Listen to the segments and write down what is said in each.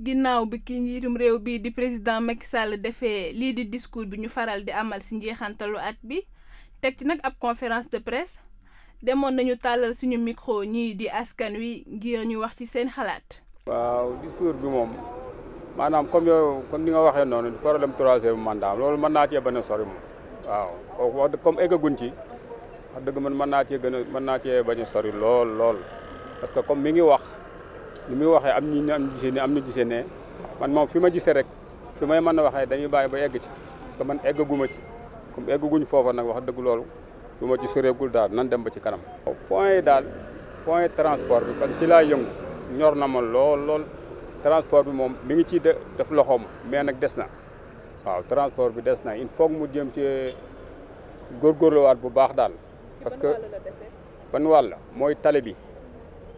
ginnaaw bi ki njiitum réew bi di président Macky Sall defee lii di discours bi ñu faral di amal si njeexantalu at bi teg ci nag ab conférence de presse demoon nañu tàllal suñu micro ñii di askan wi ngir ñu wax ci seen xalaat. waaw discours bi moom maanaam comme yow comme ni nga waxee noonu problème troisième mandat loolu mën naa cee bañ a sori moom waaw kooku wax dëgg comme ci wax dëgg man mën naa cee gën mën naa cee bañ sori lool lool parce que comme mi ngi wax. li muy waxee am ñu am gisee ne am ñu gisee ne man moom fi ma gisee rek fi may mën a waxee dañuy bàyyi ba egg ci parce que man eggaguma ci comme eggaguñ foofa nag wax dëgg loolu lu ma ci soreegul daal nan dem ba ci kanam. point yi daal point transport bi kon ci laa yëngu ñor na ma lool lool transport bi moom mi ngi ciy def loxoom mais nag des na waaw transport bi des na il foog mu jëm ci góorgóorluwaat bu baax daal. parce que ban wàll mooy tali bi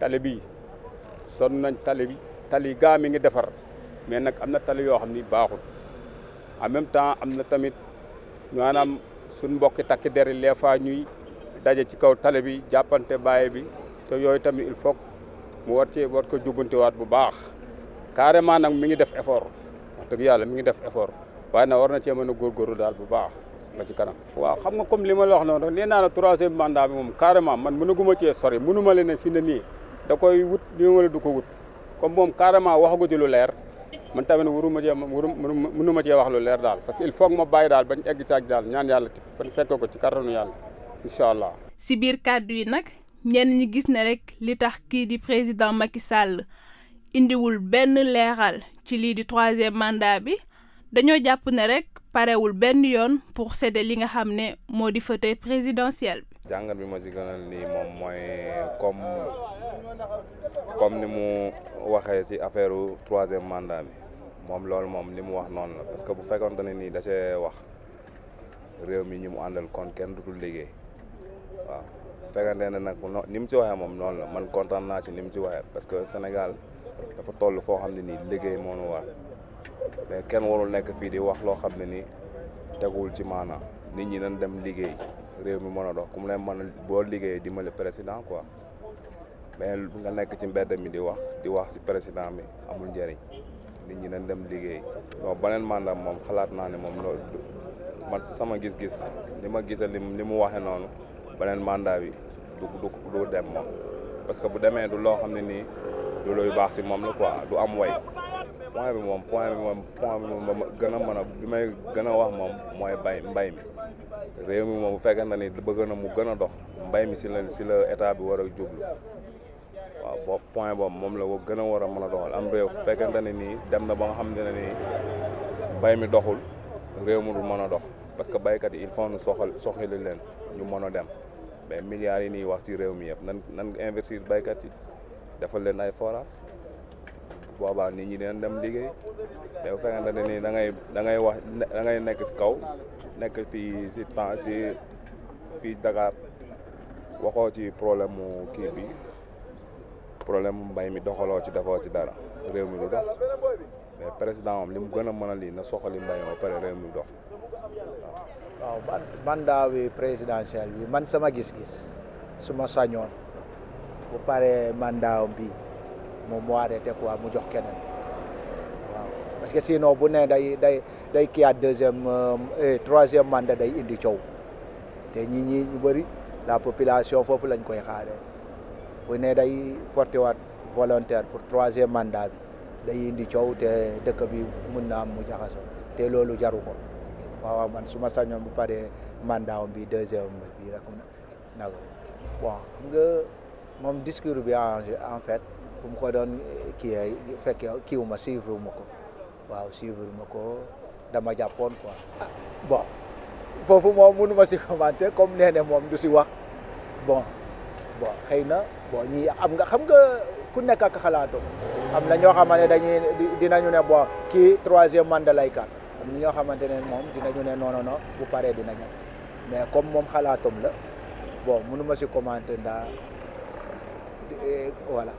tali bi. son nañ tali bi tali gaa mi ngi defar mais nag am na tali yoo xam ni baaxul en même temps am na tamit maanaam suñ mbokki takki deri les fois ñuy daje ci kaw tali bi jàppante baaye bi te yooyu tamit il faut mu war ci war ko jubbantiwaat bu baax carrément nag mi ngi def effort wax dëgg yàlla mi ngi def effort waaye nag war na cee mën a góorgóorlu daal bu baax nga ci kanam. waaw xam nga comme li ma la wax noonu rek nee naa la troisième mandat bi moom man mënaguma cee sori mënuma leen ne ne nii. da koy wut li wala du ko wut comme moom carrément waxagu ci lu leer man tamit waruma cee waru mënuma cee wax lu leer daal parce que il faut ma bàyyi daal bañ egg caag daal ñaan yàlla ci bañ fekk ko ci kattanu yàlla incha allah. si biir kàddu yi nag ñenn ñi gis ne rek li tax kii di président Macky Sall indiwul benn leeral ci lii di troisième mandat bi dañoo jàpp ne rek parewul benn yoon pour céder li nga xam ne moo di fauteuil présidentiel bi jàngat bi ma ci gënal nii moom mooy comme comme ni mu waxee ci affaire u troisième mandat bi moom loolu moom li mu wax noonu la parce que bu fekkonte ne nii da cee wax réew mi ñu mu àndal kon kenn dutul liggéey waaw bu fekkante ne nag ni mu ci waxee moom noonu la man kontaan naa ci ni mu ci waxee parce que Sénégal dafa toll foo xam ne nii liggéey moo nu war mais kenn warul nekk fii di wax loo xam ne nii tegul ci maanaam nit ñi nañ dem liggéey. réew mi mën a dox ku mu leen mën a boo liggéeyee dimbali président quoi mais nga nekk ci mbedd mi di wax di wax si président bi amul njëriñ nit ñi dañ dem liggéey non beneen mandat moom xalaat naa ne moom loolu man si sama gis-gis li ma gisal li mu waxee noonu beneen mandat bi du du du dem moom parce que bu demee du loo xam ne nii du luy baax si moom la quoi du am way point bi moom point bi moom point bi moom gën a mën a bi may gën a wax moom mooy bay mbay mi réew mi moom bu fekkee na ni bëgg na mu gën a dox mbay mi si la si la état bi war a jublu waaw bo point boobu moom la gën a war a mën a doxal am réew su fekkente ne nii dem na ba nga xam ne nii mbay mi doxul réew mi du mën a dox parce que baykat yi il faut nu soxal soxali leen ñu mën a dem mais milliards yi nii wax ci réew mi yëpp nan nan investir baykat yi defal leen ay forage boobaa ni ñi dinañ dem liggéey mais nii da ngay da ngay wax da ngay nekk ci kaw nekk fii si temps si fii Dakar waxoo ci problème mu kii bi problème mu mbay mi doxaloo ci defoo ci dara réew mi du dox mais président li mu gën a mën a lii na soxali mbay ma pare réew mi du dox waaw. waaw man sama gis-gis su ma sañoon bu paree mandat bi. moom moo arrêté quoi mu jox keneen parce que sinon bu ne day day day kiyaat deuxième euh, eh, troisième mandat day indi coow te ñi ñi ñu bëri la population foofu lañ koy xaaree bu ne day porté waat volontaire pour troisième mandat bi day indi cow te dëkk bi mun na am mu jaxasoo te loolu jaru ko waaw man su ma sañoon bu paree mandat bi deuxième bi rek nag bon xam bi en en fait. bu mu ko doon eh, kii fekk kiiwu ma suivre ma ko waaw suivre ma ko dama jàppoon quoi bon foofu moom mënu si commenter comme nee ne moom du si wax bon bon xëy na bon ñii am nga xam nga ku nekk ak xalaatu am na ñoo xamante ne dañuy dinañu ne bon kii troisième mandat lay kat am na ñoo xamante ne moom dinañu ne non non non bu paree dina ñëw mais comme moom xalaatoom la bon mënu ma si commenter ndaa eh, voilà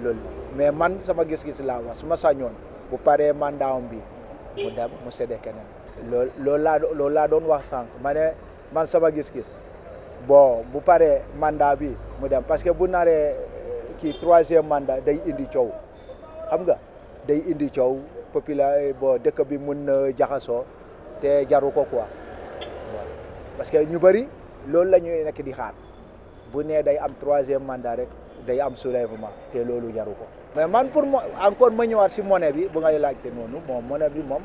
loolu mais man sama gis-gis laa wax su ma sañoon bu paree mandaawam bi mu dem mu séddee keneen loolu loolu laa loolu doon wax sànq ma ne man sama gis-gis bo bu paree manda bi mu dem parce que bu naree euh, kii troisième manda day indi cow xam nga day indi coow popula euh, bo dëkk bi mun na jaxasoo te jaru ko quoi parce que ñu bëri loolu la ñuy nekk di xaar bu nee day am troisième mandat rek. day am soulèvement te loolu jaru ko mais man pour mo encore ma ñëwaat si monnaie bi bu ngay laajte noonu moom monnaie bi moom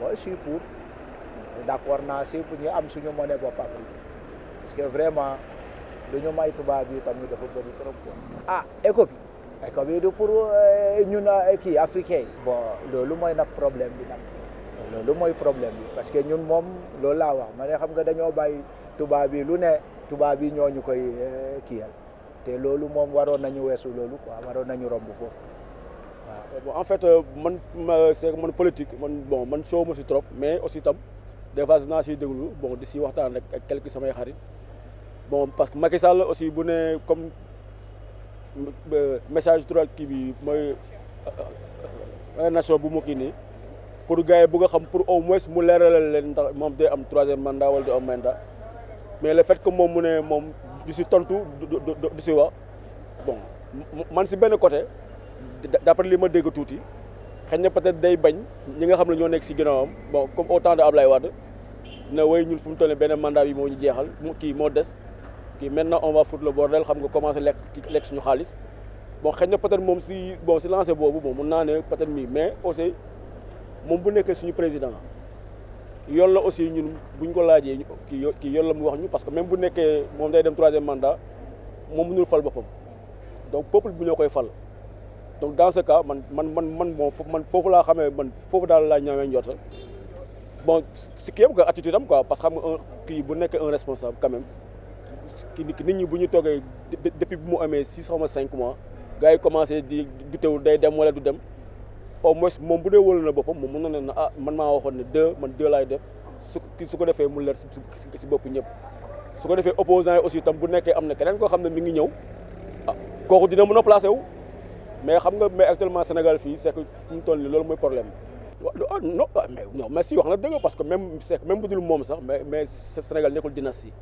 mooy suis pour d' accord naa si ñu am suñu monnaie bopp Afrique parce que vraiment lu ñu may tubaab yi tamit dafa bëri trop quoi. ah éco bi éco bi du pour euh, ñun euh, kii africain bon loolu mooy nag problème bi nag loolu mooy problème bi parce que ñun moom loolu laa wax ma ne xam nga dañoo bàyyi tubaab yi lu ne tubaab yi ñoo ñu koy euh, kiyal te loolu moom waroon nañu weesu loolu quoi waroon nañu romb foofu waaw. en fait euh, man c'est man politique man bon man soow ma si trop mais aussi tam des fois dinaa siy déglu bon di si waxtaan rek ak quelques samay xarit bon parce que Macky Sall aussi bu ne comme euh, message tural kii bi mooy euh, nation bu mu kii nii pour gars yi bëgg xam pour au moins mu leeralal leen ndax moom day am troisième mandat wala du am mandat mais le fait que moom mu ne moom. du si tontu du si wax bon man si benn côté d'après li ma dégg tuuti xëy na peut-être day bañ ñi nga xam ne ñoo nekk si ginnaawam bon comme au temps de Ablaye Wade na way ñun fu mu toll nii benn mandat bi moo ñu jeexal kii moo des kii maintenant on va foutre le bordel xam nga commencé lekk lekk suñu xaalis bon xëy na peut moom si bon si lancé boobu moom mun naa ne peut mii mais aussi moom bu nekkee suñu président. yoon la aussi ñun bu ñu ko laajee kii kii yoon la mu wax ñu parce que même bu nekkee moom day dem troisième mandat moom mënul fal boppam donc peuple bi ñoo koy fal donc dans ce man man man man moom man foofu laa xamee man foofu daal laa ñaawee njort bon si kii yëpp attitude am quoi parce que xam nga kii bu nekkee un responsable quand même ki nit ñi bu ñu toogee depuis bi mu amee six xaw ma cinq mois gars yi commencé di du teewul day dem wala du dem. au moins moom bu dee wóolu na boppam moom mun na ne na ah man maa waxoon ne deux man deux laay def su ko defee mu leer si bopp ñëpp su ko defee opposants yi aussi tam bu nekkee am na keneen koo xam ne mi ngi ñëw ah kooku dina mën a placé wu mais xam nga mais actuellement Sénégal fii c'est que fu mu toll nii loolu mooy problème ah non ah, mais non mais si que même c'est même moom sax mais mais Sénégal nekkul dynastie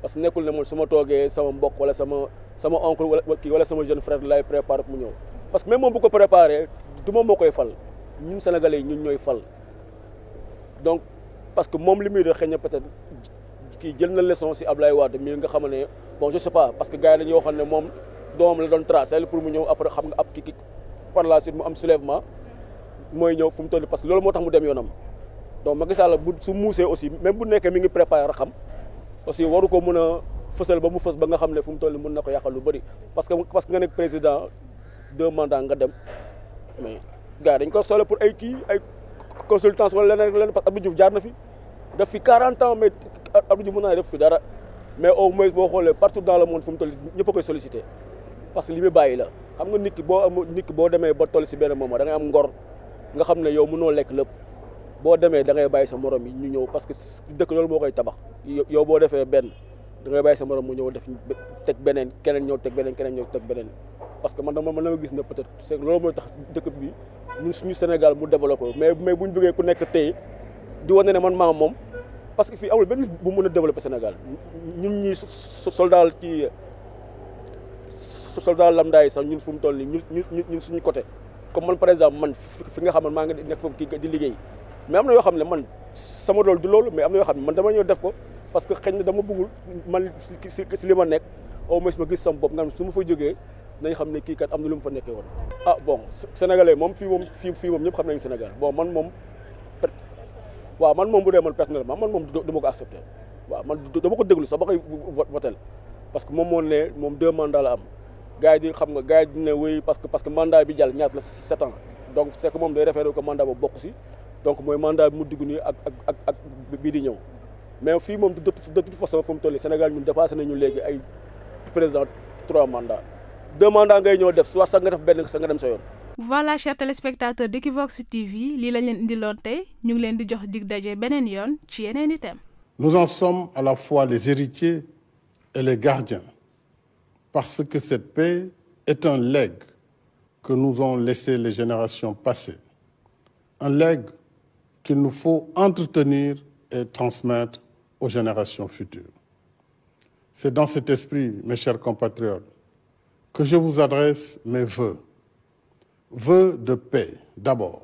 parce que nekkul ne man su ma toogee sama mbokk wala sama sama oncle wala kii wala sama jeune frère lay préparé mu ñëw parce du moom moo koy fal ñun sénégalais yi ñun ñooy fal donc parce que moom li muy def xëy na peut-être kii jël na leçon si Ablaye Wade mi nga xam ne bon je sais pas parce que gars yi dañuy waxoon ne moom doom la doon tracé pour mu ñëw après xam nga ab kii par la mu am soulèvement mooy ñëw fu mu toll parce que loolu moo tax mu dem yoonam donc Macky Sall bu su muusee aussi même bu nekkee mi ngi préparé xam aussi waru ko mun a fësal ba mu fës ba nga xam ne fu mu toll mun na ko yàqal lu bëri parce que parce que nga nekk président deux mandats nga dem. mais gars dañ ko soxla pour ay kii ay consultance wala leneen leneen parce que Abdou Diouf jaar na fi def fi 40 ans mais Abdou Diouf mën naa def fi dara mais au moins boo xoolee partout dans le monde fu mu toll ñëpp a koy solicité parce que li muy bàyyi la xam nga nit ki boo am nikki boo demee ba toll si benn moom da ngay am ngor nga xam ne yow noo lekk lépp boo demee dangay bàyyi sa moroom yi ñu ñëw parce que dëkk loolu koy tabax yow boo defee benn da ngay sa morom mu ñëw def teg beneen keneen ñëw teg beneen keneen ñëw teg beneen parce que man dama man dama gis na peut-être c'est loolu mooy tax dëkk bi ñun suñu Sénégal mu développé mais mais bu ñu bëggee ku nekk tey di wane ne man maa moom parce que fii amul benn bu mën a développé Sénégal ñun ñi soldat ci soldat lambda yi sax ñun fu mu toll nii ñun ñun ñun suñu côté comme man par exemple man fi nga xam ne maa ngi nekk foofu kii di liggéey mais am na yoo xam ne man sama dool du loolu mais am na yoo xam ne man dama ñëw def ko parce que xëy na dama bëggul man si li ma nekk au moins ma gis sama bopp nga su ma fa jógee. nañ xam ne kii kat am na lu mu fa nekkee woon. ah bon sénégalais moom fii moom fii fii moom ñëpp xam nañu Sénégal bon man moom per waaw man moom bu dee man personnellement man moom du ma ko accepté waaw man dama ko déglu sax ba koy votel parce que moom moo ne moom deux mandats la am gars yi di xam nga gars yi di ne oui parce que parce que mandat bi jàll ñaata la sept ans donc c'est que moom day référé ko mandat boobu bokk si donc mooy mandat mu diggu nii ak ak ak bii di ñëw mais fii moom de toute façon fu mu toll Sénégal ñun dépassé nañu léegi ay président trois deux mandats ngay ñëw def soit sax nga def benn sa nga dem sa TV lii lañ leen indiloon tey ñu ngi leen di jox dig daje beneen yoon ci yeneen i thèmes. nous en sommes à la fois les héritiers et les gardiens parce que cette paix est un legs que nous ont laissé les générations passées un legs qu'il nous faut entretenir et transmettre aux générations futures. C'est dans cet esprit, mes chers compatriotes, que je vous adresse mes vœux. Vœux de paix, d'abord,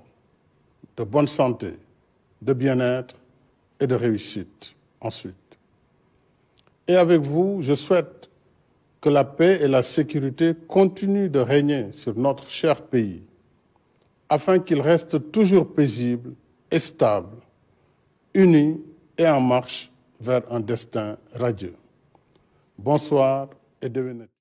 de bonne santé, de bien-être et de réussite, ensuite. Et avec vous, je souhaite que la paix et la sécurité continuent de régner sur notre cher pays, afin qu'il reste toujours paisible et stable, et en marche vers un destin radieux. Bonsoir et devenez.